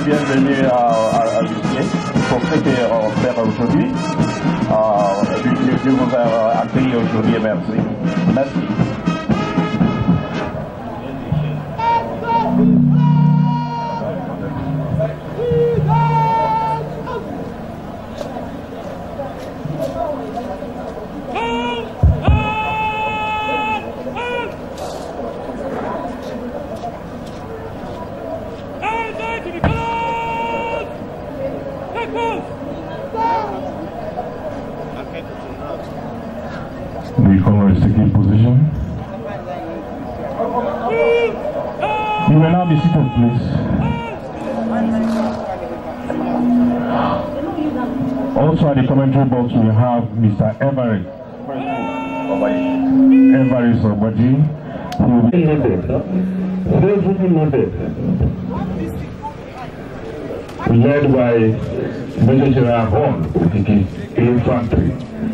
bienvenue à, à, pour ce qu'on fait aujourd'hui. Euh, je, je vous accueillir aujourd'hui merci. Merci. commentary box we have Mr. Emery. Emery Sogbadi. Led by Major General Horn, Infantry.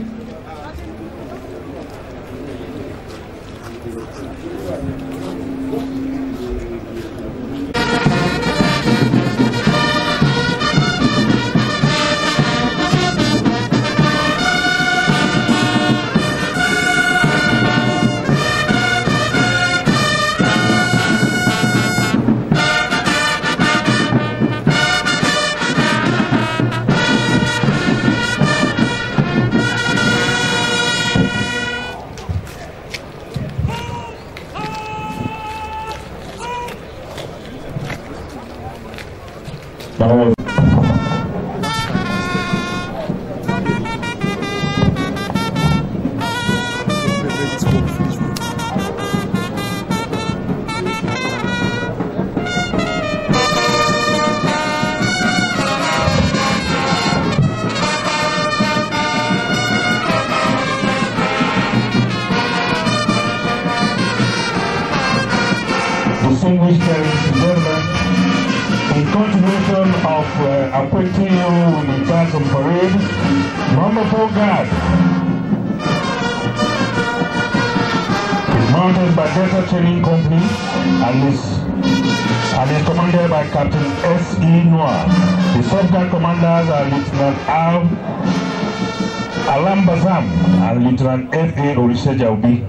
Reverend F.A. be.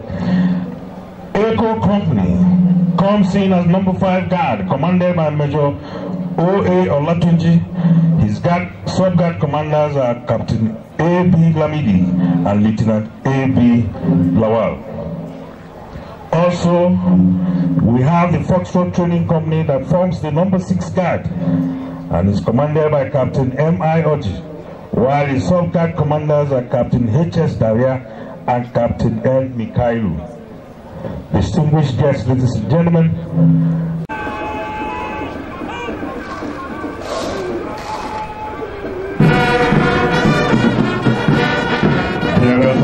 Echo Company comes in as number five guard, commanded by Major O.A. Olatunji. His guard, sub-guard commanders are Captain A.B. Lamidi and Lieutenant A.B. Lawal. Also, we have the Foxtrot Training Company that forms the number six guard and is commanded by Captain M.I. Oji, while his sub-guard commanders are Captain H.S. Daria and Captain L. Mikhailu. Distinguished guests, ladies and gentlemen,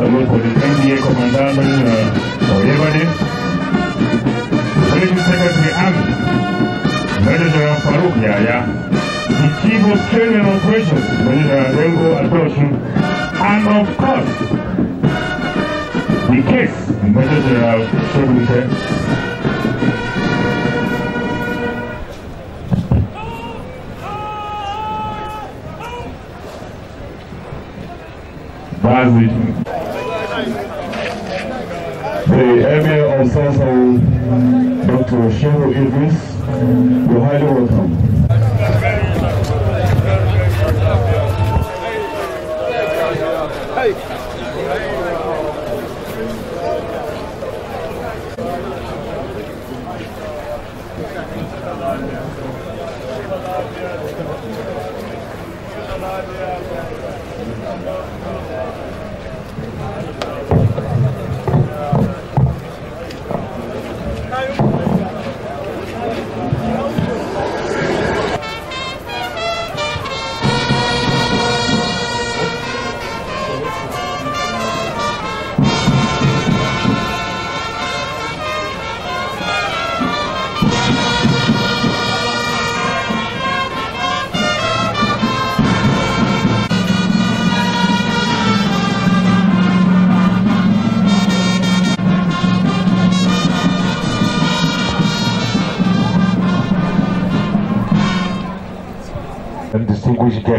for the NDA Commandant uh, Oyebade, Military Secretary Army, Major Farouk Yaya, the Chief of Training Operations, Major General Adoshu, and of course, we kiss! And measures are out, so we can. The Emir of Dr. Shehu Idris, you're highly welcome.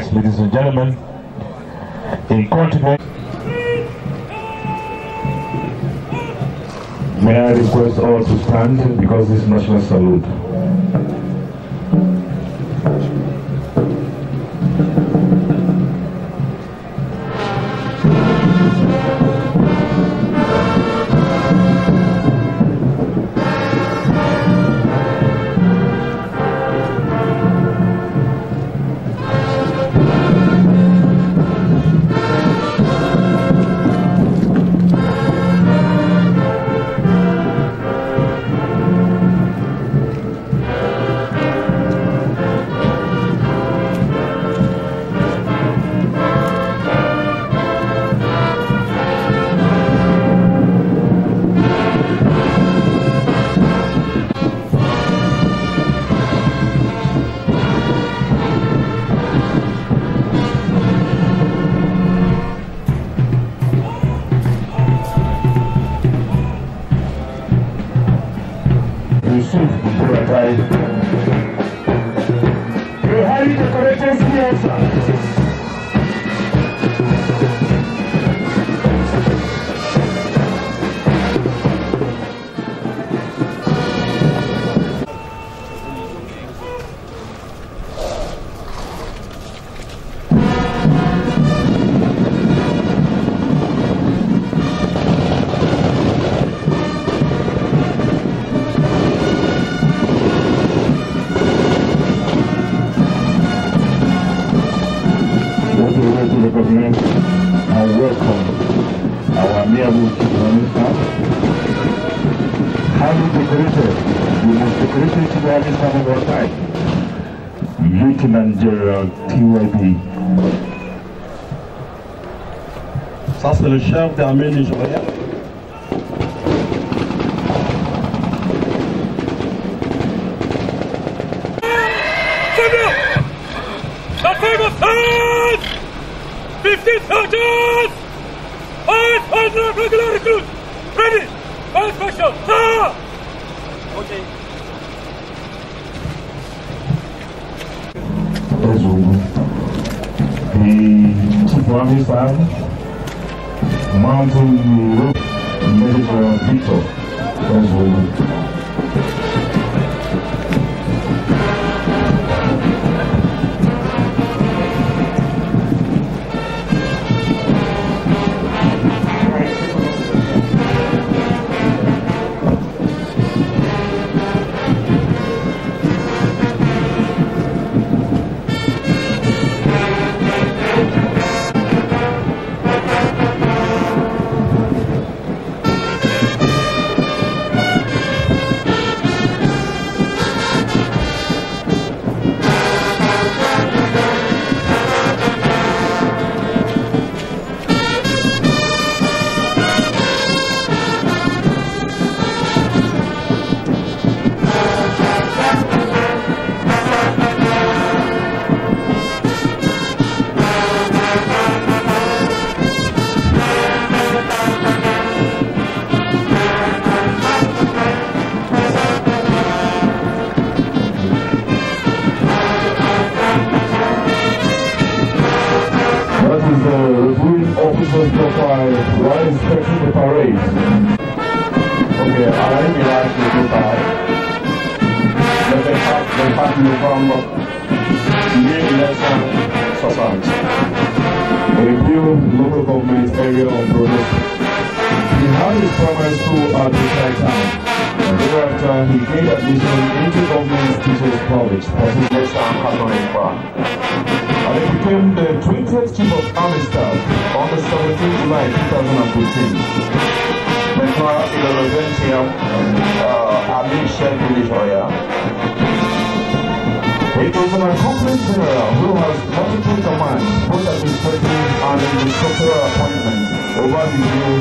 Yes, ladies and gentlemen, in continuance, may I request all to stand because this national salute. Just yes. le chef d'armée nigérien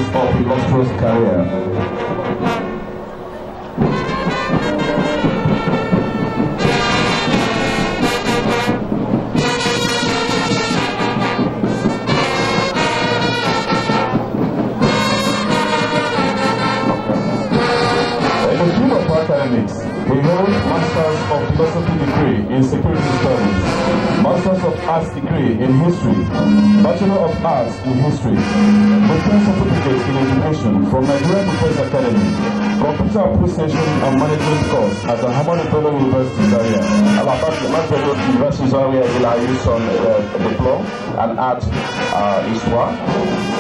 story of illustrious career. Academics, we hold Masters of Philosophy degree in Security Studies. Masters of Arts degree in History, Bachelor of Arts in History, Return Certificate in Education from Nigerian Defense Academy, Computer Appreciation and Management course at the Hamani Bello University Zaria, Alabama University Zaria LIU son uh, diplôme and art uh, histoire,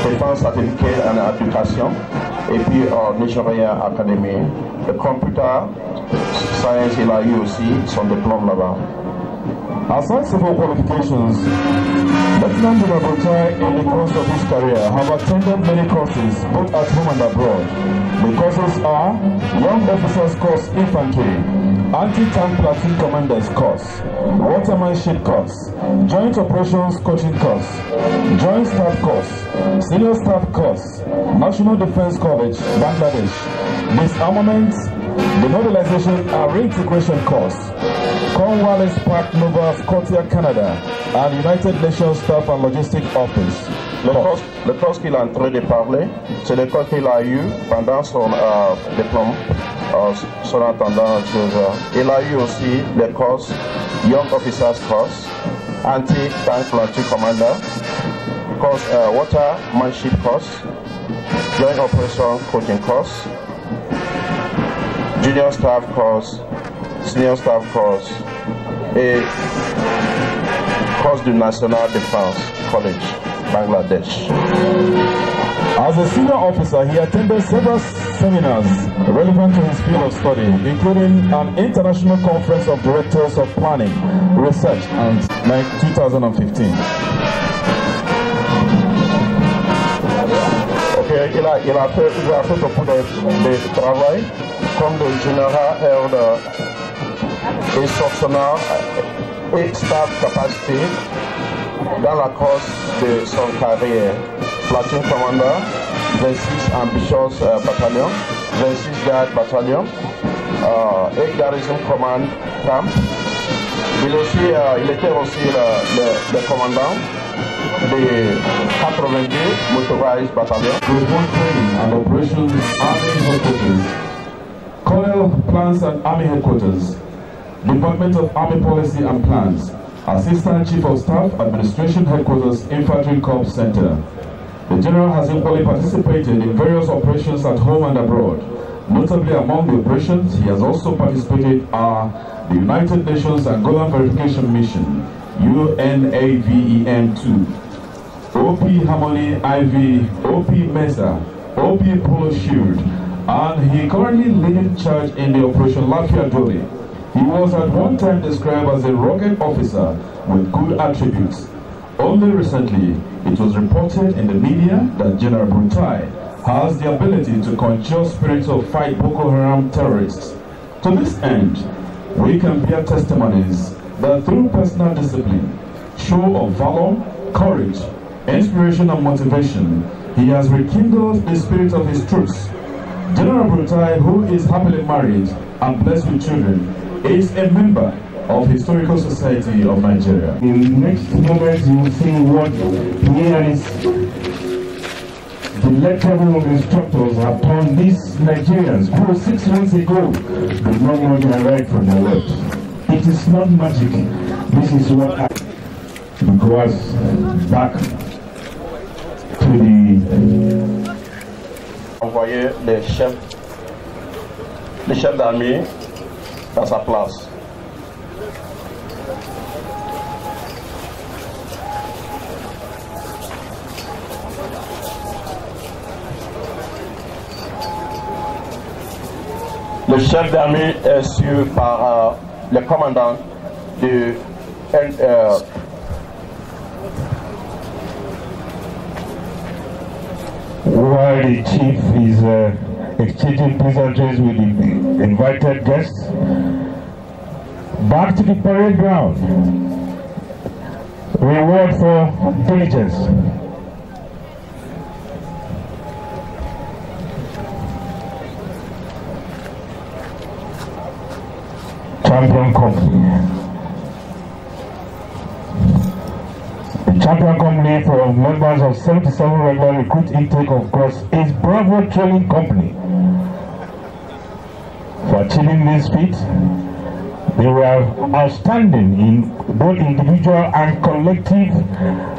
Défense Certificate and Education, et puis uh, Nigerian Academy, the Computer Science LIU aussi, son diplôme là-bas. Aside civil qualifications, Lieutenant General in the course of his career have attended many courses both at home and abroad. The courses are Young Officers Course Infantry, Anti-Tank Platoon Commanders Course, Watermanship Course, Joint Operations Coaching Course, Joint Staff Course, Senior Staff Course, National Defense College, Bangladesh, disarmament, demobilization and reintegration costs. Cornwallis Park, Nova Scotia, Canada and United Nations Staff and Logistics Office. Le poste, le poste qu'il est en train de parler, c'est le poste qu'il a eu pendant son euh, diplôme, euh, son attendant. Euh, il a eu aussi le courses Young Officers Course, Anti-Tank Launcher Commander, course, euh, Water Manship Course, Joint Operation Coaching Course, junior staff course, senior staff course, a course du National Defense College, Bangladesh. As a senior officer, he attended several seminars relevant to his field of study, including an international conference of directors of planning, research, and 2015. Okay, il a, il a fait, il a fait de travail comme des généraux Elder et soupçonnant staff capacité dans la course de son carrière. Platoon commandant, 26 Ambitious euh, 26 Guard Battalion, euh, et Garrison Command euh, Il, était aussi le, commandant des 82 Motorized battalions. Colonel Plans and Army Headquarters, Department of Army Policy and Plans, Assistant Chief of Staff, Administration Headquarters, Infantry Corps Center. The General has equally participated in various operations at home and abroad. Notably among the operations, he has also participated are the United Nations Angolan Verification Mission, UNAVEM2, OP Harmony IV, OP Mesa, OP Polo Shield, and he currently leads charge in the Operation Lafia Dole. He was at one time described as a rugged officer with good attributes. Only recently, it was reported in the media that General Brutai has the ability to conjure spirits of fight Boko Haram terrorists. To this end, we can bear testimonies that through personal discipline, show of valor, courage, inspiration and motivation, he has rekindled the spirit of his troops General Brutai, who is happily married and blessed with children, is a member of Historical Society of Nigeria. In the next moment you will see what is. the lecturer instructors upon these Nigerians who six months ago did not know their from their left. It is not magic. This is what happened because back to the envoyer les chefs, les chefs d'armée dans sa place. Le chef d'armée est su par euh, le commandant du while the chief is uh, exchanging pleasantries with the invited guests. Back to the parade ground. Reward for diligence. Champion Cup. Capital Company for members of 77 regular recruit intake of Cross is Bravo Training Company. For achieving this feat, they were outstanding in both individual and collective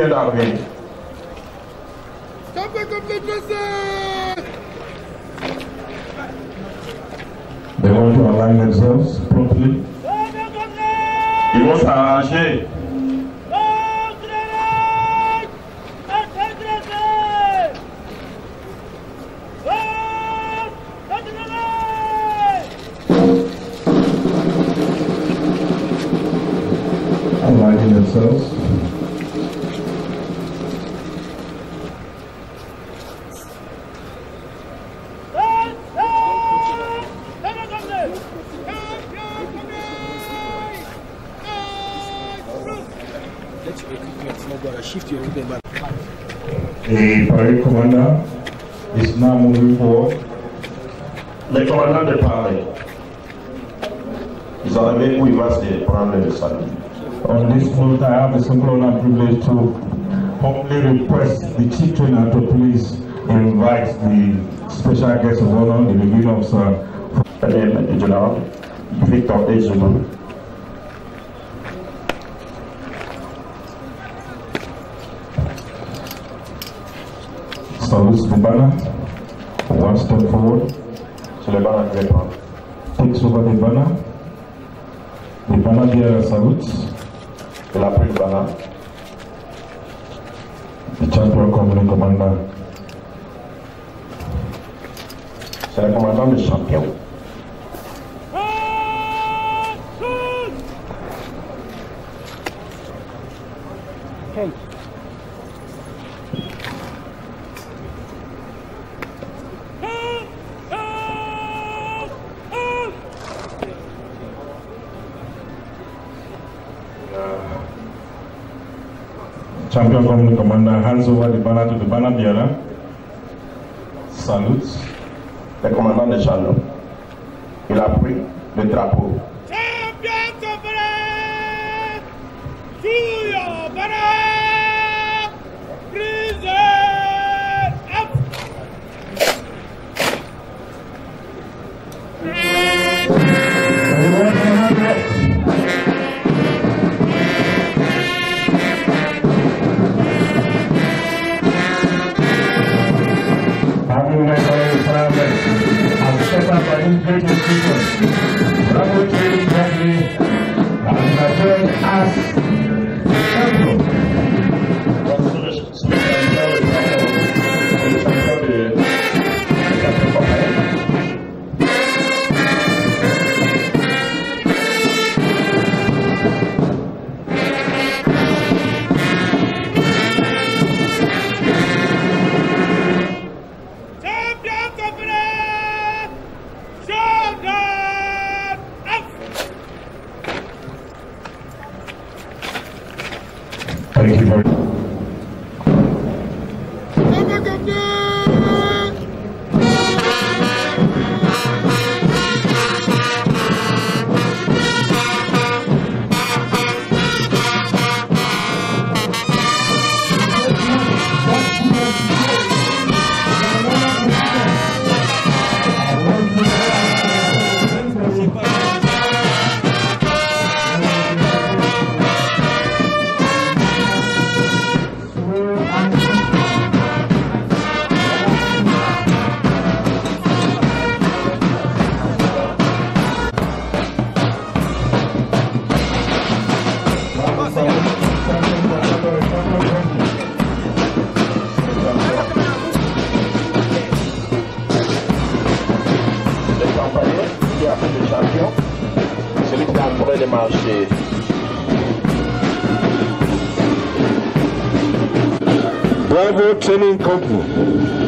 get out of They want to align themselves properly. Ils vont s'arranger. Aligning themselves. brigade commander is now moving forward. The commandant de parler. Ils en avaient où il va se prendre On this note, I have the simple honor privilege to humbly request the chief trainer to please invite the special guest of honor, the review officer, General Victor H. the banner, one step forward. Sur les le Take over Takes over the banner derrière le Il a pris Dubana. le champion le commander. C'est le commandant du champion. Hey. champion comme le commandant Hans de Bana de Bana Salut. Le commandant de Chalon. Il a pris le drapeau great achievers. Bravo to Henry and my Luciano em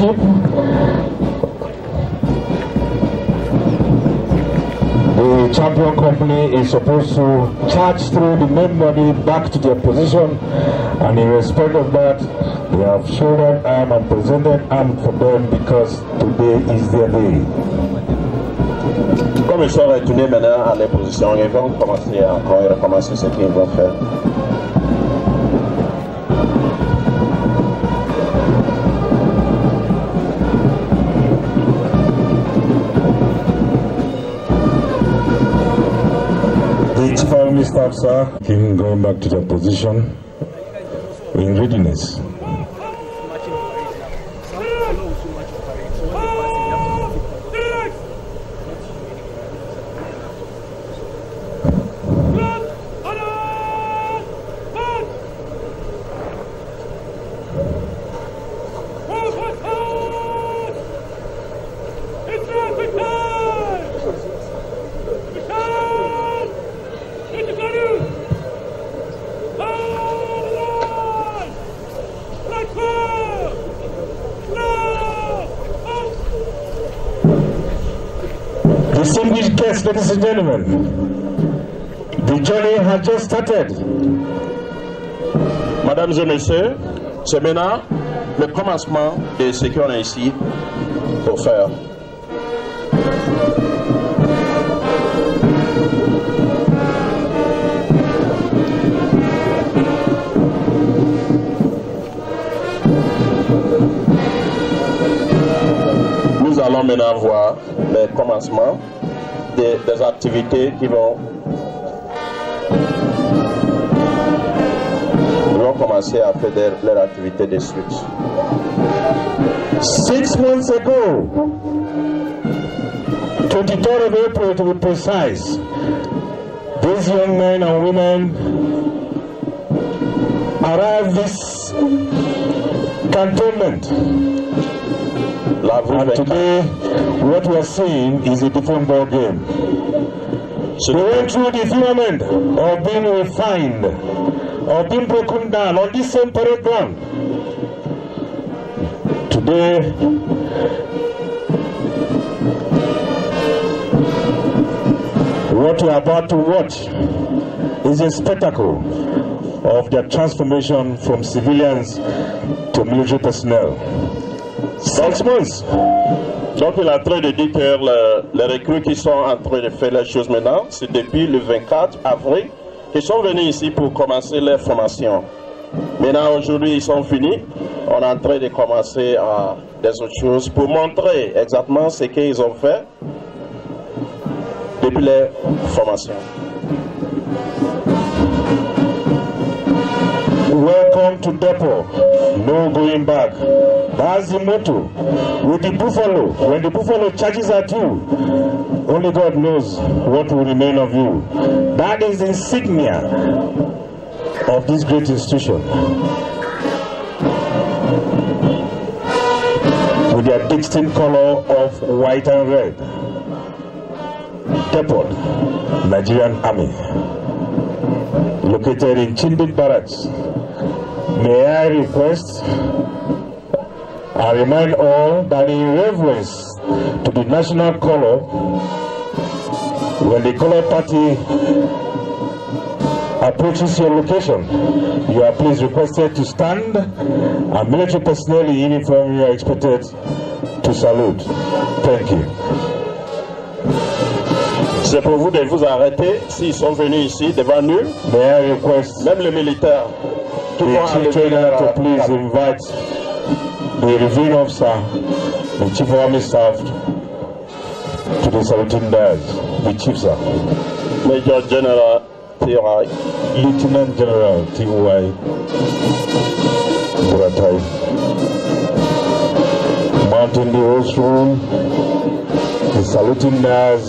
leadership. The champion company is supposed to charge through the main body back to their position and in respect of that they have shouldered arm and presented arm for them because today is their day. Comme ils sont retournés maintenant à les positions, ils vont commencer à encore recommencer ce qu'ils vont faire. part, sir, him going back to the position in readiness ladies Mesdames et messieurs, c'est maintenant le commencement de ce qu'on a ici pour faire. Nous allons maintenant voir le commencement des, des activités qui vont, vont commencer à faire des, leur activité de Six months ago, 23rd of April to be precise, these young men and women arrived this cantonment and today, what we are seeing is a different ball game. So we went through this moment of being refined, of being broken down on this same parade ground. Today, what we are about to watch is a spectacle of their transformation from civilians to military personnel. Donc il est en train de dire que les recrues qui sont en train de faire les choses maintenant, c'est depuis le 24 avril qu'ils sont venus ici pour commencer leur formation. Maintenant aujourd'hui ils sont finis, on est en train de commencer à euh, des autres choses pour montrer exactement ce qu'ils ont fait depuis les formation. Welcome to depot. No going back. That's the motto. With the buffalo, when the buffalo charges at you, only God knows what will remain of you. That is insignia of this great institution. With their distinct color of white and red. Depot, Nigerian Army located in Chindit Barracks, May I request, I remind all that in reverence to the national color, when the color party approaches your location, you are please requested to stand and military personnel in uniform you are expected to salute. Thank you. C'est pour vous de vous arrêter s'ils sont venus ici devant nous. May I request, même les militaires the chief trainer to uh, please invite the reviewing officer, the chief of army staff, to the 17 days, the chief sir. Major General T.Y. Lieutenant General T.Y. Buratai. Mountain the Room. the saluting nurse,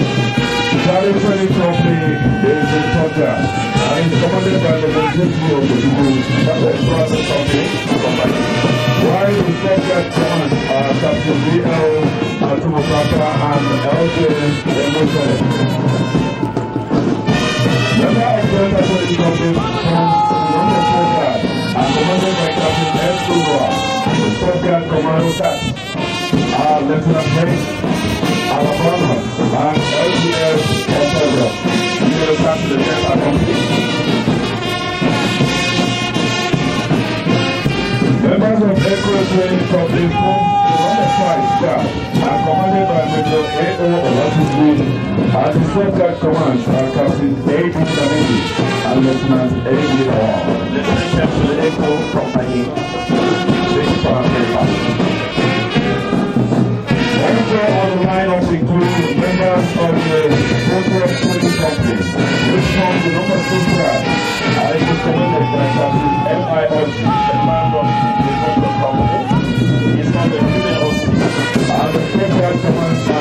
Charlie Freddy Trophy is in and commanded by the Mojiki of That was a brother company. While the that command are Captain B.L. and L.J. Emotion. Member of the Tonga Freddy Company comes from and commanded by Captain The Commando Members of Echo Wing from the Home Staff are commanded by Major A.O. Olatunji and the Command are Captain A.B. Samedi and Lieutenant A.B. Hall. Listenership to the Echo Company, Big also on the members of the Progress Company, which forms the number two track recommended by M.I.O.G., a man from the Progress Company. It's not and the program commands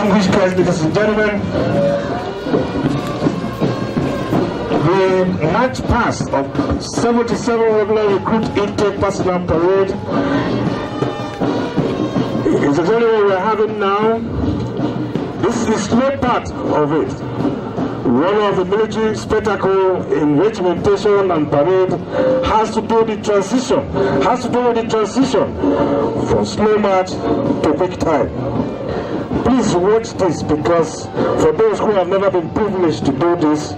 distinguished ladies and gentlemen, the march past of 77 regular recruit intake personnel parade is the very we're having now. This is no part of it. One of the military spectacle in regimentation and parade has to do the transition, has to do with the transition from slow march to quick time please watch this because for those who have never been privileged to do this,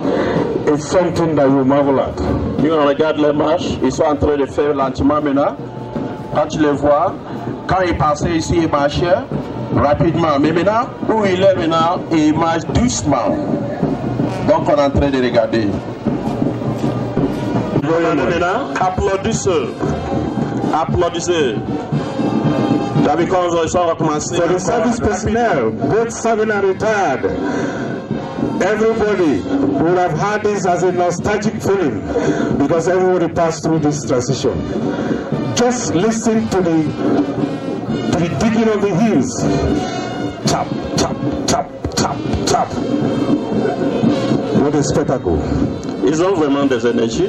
it's something that you marvel at. You know, regarde les marches, ils sont en train de faire lentement maintenant. Quand tu les vois, quand ils passaient ici, ils marchaient rapidement. Mais maintenant, où il est maintenant, il marche doucement. Donc on est en train de regarder. Regardez maintenant, applaudissez. Applaudissez because I saw For the service personnel, both serving and retired, everybody would have had this as a nostalgic feeling because everybody passed through this transition. Just listen to the to the digging of the heels, tap, tap, tap, tap, tap. What a spectacle. It's ont man, des energy.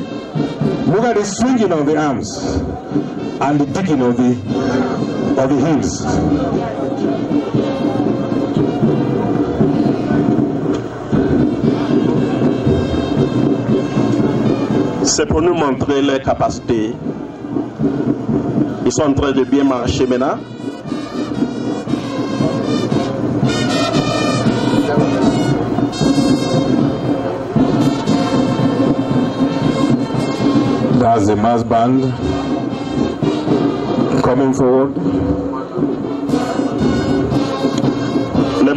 Look at the swinging of the arms and the digging of the C'est pour nous montrer leurs capacités. Ils sont en train de bien marcher maintenant. That's the mass band coming forward.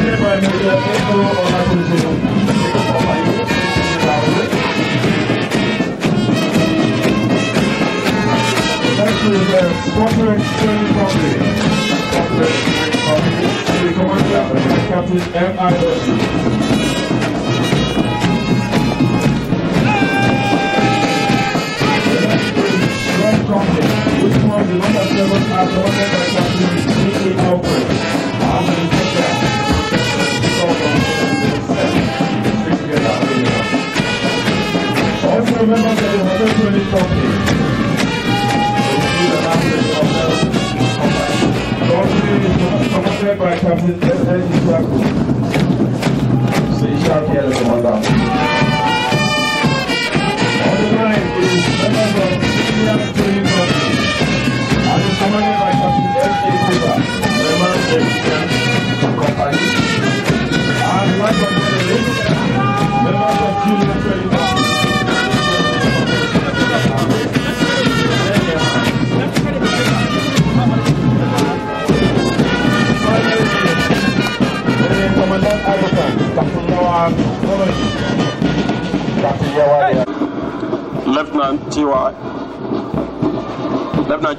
André para Company. Company. Captain M.I. Wilson. Company, which was the number seven as the one that Captain Mickey Alfred. I'm going to that. Heute November der Hotel nicht aufnehmen. Bei Kapitän Helden Saku. Sicher gerne Kommandant. Heute nein, ist November, Sicher König Saku. Also Kommandant bei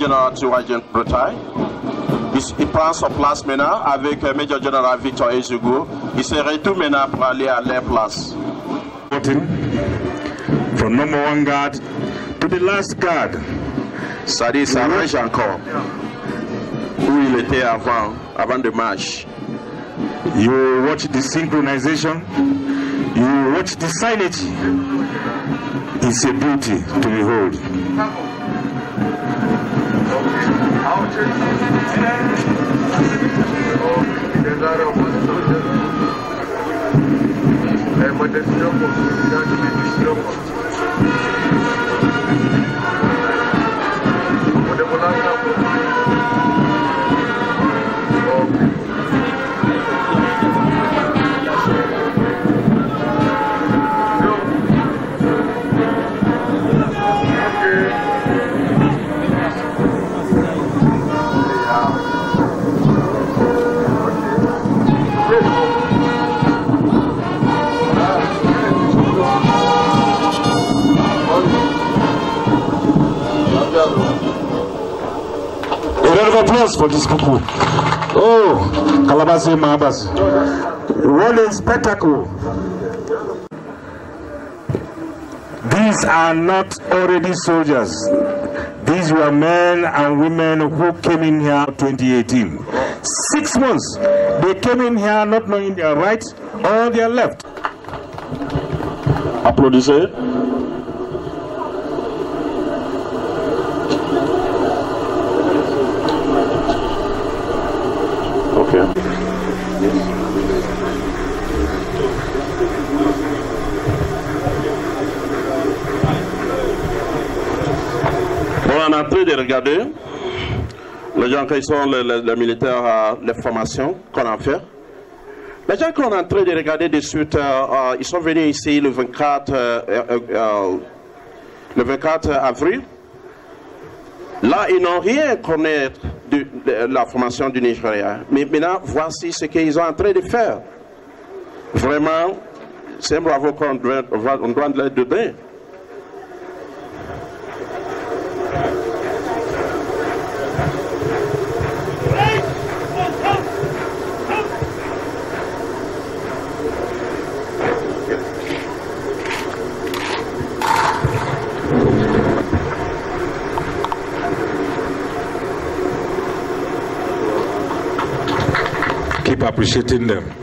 Général Tiwajen Bretagne. Il, prend sa place maintenant avec uh, Major General Victor Ezugo. Il se retourne maintenant pour aller à leur place. From number one guard to the last guard. Ça dit, ça marche encore. Où il était avant, avant de marche. You watch the synchronization. You watch the synergy. It's a beauty to behold. Mas esse jogo, já que me desculpa. A round of applause for this couple. Oh, Kalabasi Mahabasi. What a spectacle. These are not already soldiers. These were men and women who came in here 2018. Six months. They came in here not knowing their right or their left. Applaudissez. regarder les gens qui sont les, militaires, euh, les formations qu'on a fait. Les gens qu'on est en train de regarder de suite, euh, euh, ils sont venus ici le 24, le 24 avril. Là, ils n'ont rien connaître de, la formation du Nigeria. Mais maintenant, voici ce qu'ils sont en train de faire. Vraiment, c'est un bravo qu'on doit, on doit leur donner. appreciating them.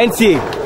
NCA.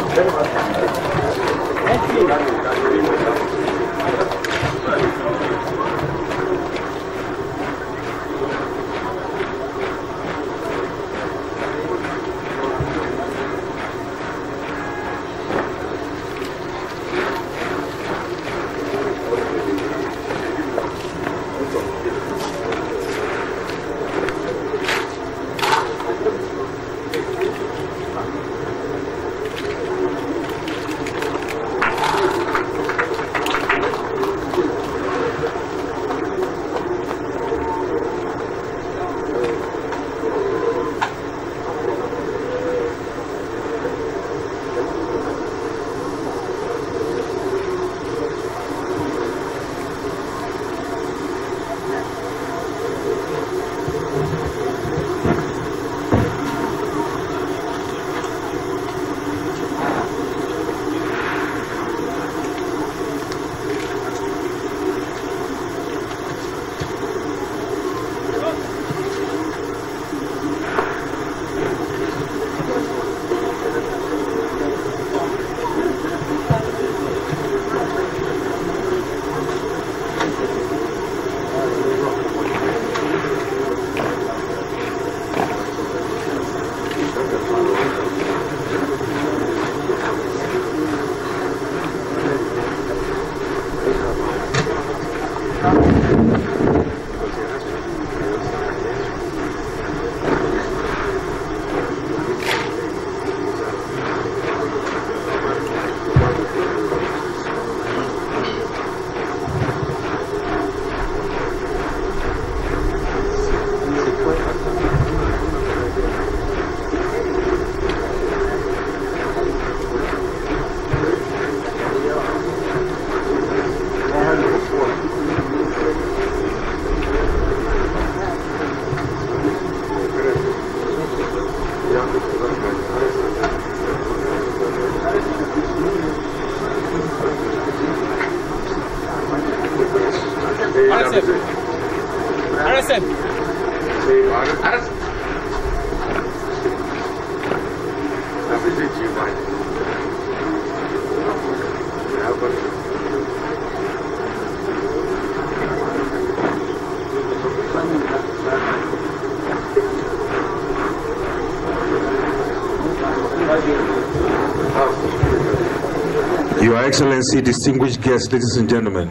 Excellency, distinguished guests, ladies and gentlemen,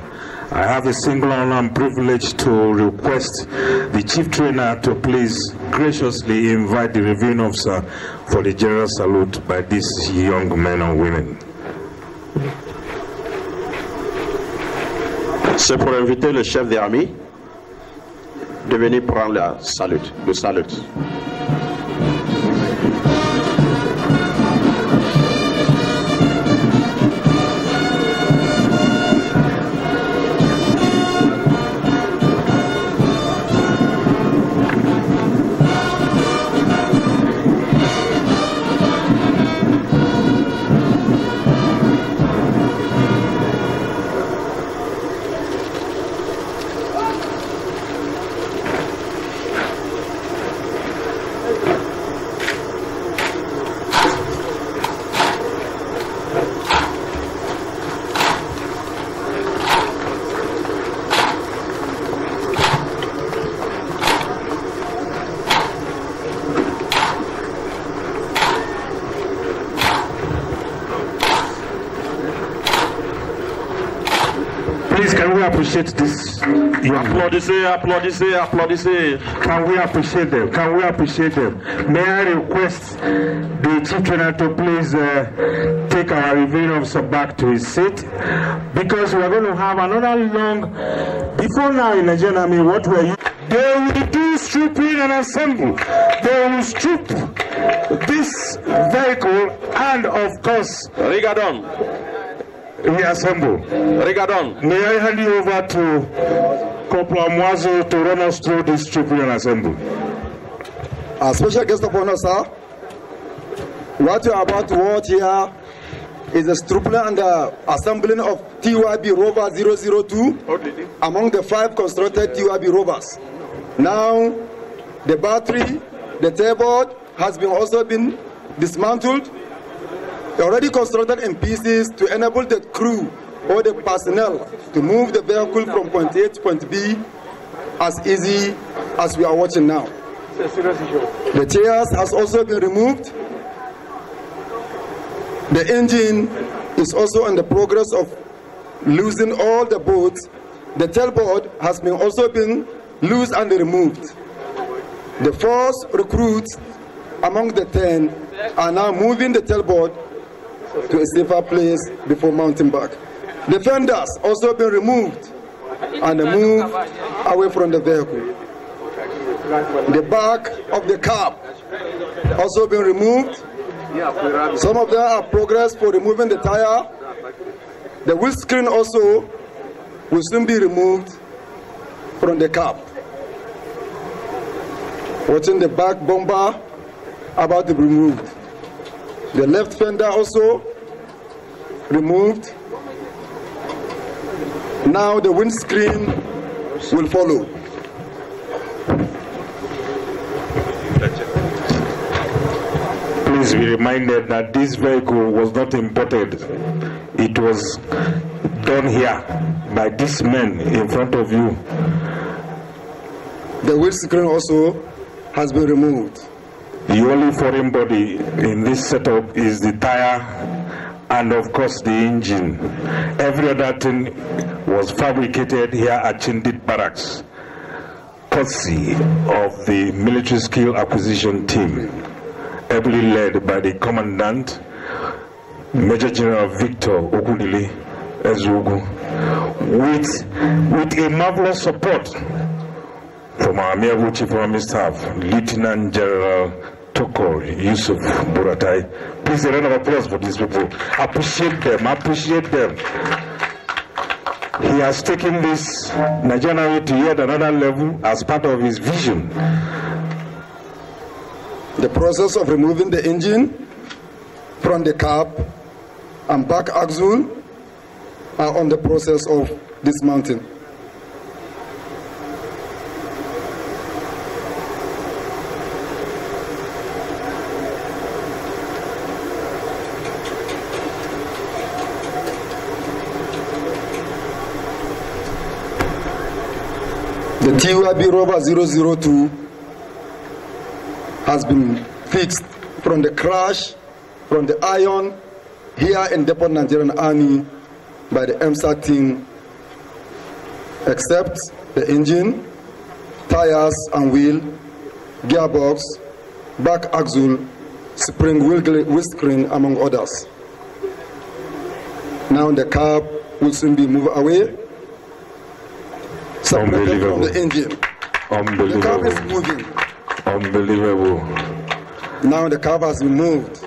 I have a single honor and privilege to request the Chief Trainer to please graciously invite the reviewing officer for the general salute by these young men and women. C'est pour inviter le chef de l'armée de venir prendre la salute, le salute. appreciate this? Applaudissez, Can we appreciate them? Can we appreciate them? May I request the chief trainer to please uh, take our reviewing officer back to his seat because we're going to have another long. Before now in Nigerian I mean, what were you? They will do stripping and assemble. They will strip this vehicle and, of course, Rigadon. we assemble. Regardons. May I hand you over to Corporal Mwazo to run us through this Tribune Assembly. A special guest of honor, sir. What you are about to watch here is a stripling and the assembling of TYB Rover 002 among the five constructed TYB Rovers. Now, the battery, the tailboard has been also been dismantled already constructed in pieces to enable the crew or the personnel to move the vehicle from point A to point B as easy as we are watching now. The chairs has also been removed. The engine is also in the progress of losing all the bolts. The tailboard has been also been loose and removed. The first recruits among the 10 are now moving the tailboard to a safer place before mounting back. Defenders also been removed and moved away from the vehicle. The back of the cab also been removed. Some of them are progress for removing the tire. The windscreen also will soon be removed from the cab. Watching the back bumper about to be removed. The left fender also removed. Now the windscreen will follow. Please be reminded that this vehicle was not imported. It was done here by this man in front of you. The windscreen also has been removed. The only foreign body in this setup is the tire and of course the engine. Every other thing was fabricated here at Chindit Barracks, courtesy of the military skill acquisition team, ably led by the commandant, Major General Victor Ogundili Ezugu, with, with a marvelous support from our Miyaguchi Primary Staff, Lieutenant General Tokori Yusuf Buratai. Please a round of applause for these people. Appreciate them, appreciate them. He has taken this Nigerian to yet another level as part of his vision. The process of removing the engine from the cab and back axle are on the process of dismounting. The TUIB rover 002 has been fixed from the crash, from the iron, here in Depot Nigerian Army by the MSA team, except the engine, tires and wheel, gearbox, back axle, spring wheel screen, among others. Now the car will soon be moved away unbelievable. The engine. Unbelievable. The is moving. Unbelievable. Now the car has moved.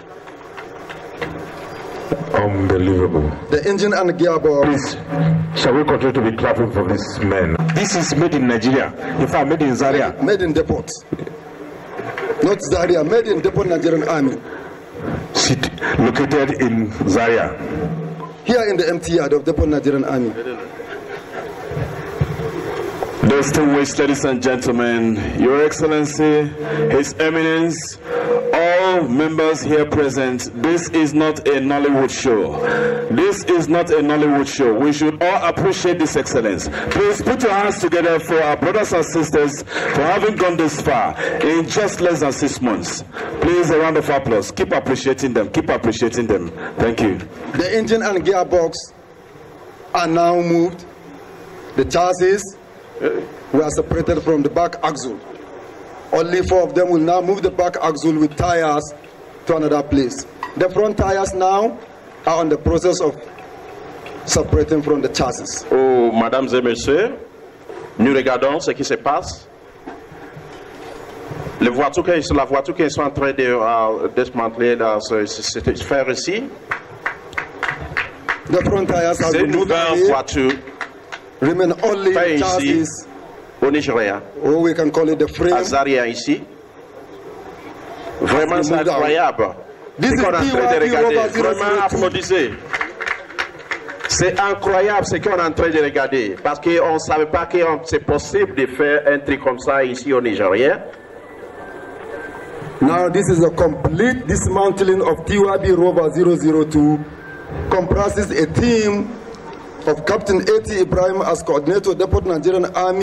Unbelievable. The engine and the gearbox. Please, shall we continue to be clapping for this man? This is made in Nigeria. In fact, made in Zaria. Made in depot. Not Zaria, made in depot Nigerian army. City, located in Zaria. Here in the empty yard of depot Nigerian army. Distinguished ladies and gentlemen, Your Excellency, His Eminence, all members here present, this is not a Nollywood show. This is not a Nollywood show. We should all appreciate this excellence. Please put your hands together for our brothers and sisters for having gone this far in just less than six months. Please, a round of applause. Keep appreciating them. Keep appreciating them. Thank you. The engine and gearbox are now moved. The chassis uh, we are separated from the back axle. Only four of them will now move the back axle with tires to another place. The front tires now are on the process of separating from the chassis. Oh, mesdames et messieurs, nous regardons ce qui se passe. Les voitures qui la voiture qui sont en train de uh, démanteler dans cette ce, ce sphère ici, c'est une nouvelle voiture remain only charges. Onishreya. we can call it the frame. Azaria ici. Vraiment, c'est incroyable. C'est qu'on est en train de regarder. Vraiment, applaudissez. C'est incroyable ce qu'on est en train de regarder. Parce qu'on ne savait pas que c'est possible de faire un truc comme ça ici au Nigeria. Now this is a complete dismantling of TYB Rover 002. Comprises a team of Captain A.T. Ibrahim as Coordinator Deport Nigerian Army